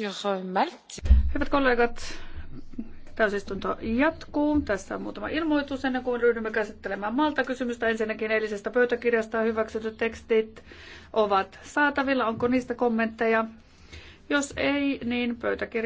Euh, Hyvät kollegat, täysistunto jatkuu. Tässä on muutama ilmoitus ennen kuin ryhdymme käsittelemään Malta-kysymystä. Ensinnäkin eilisestä pöytäkirjasta hyväksytyt tekstit ovat saatavilla. Onko niistä kommentteja? Jos ei, niin pöytäkirja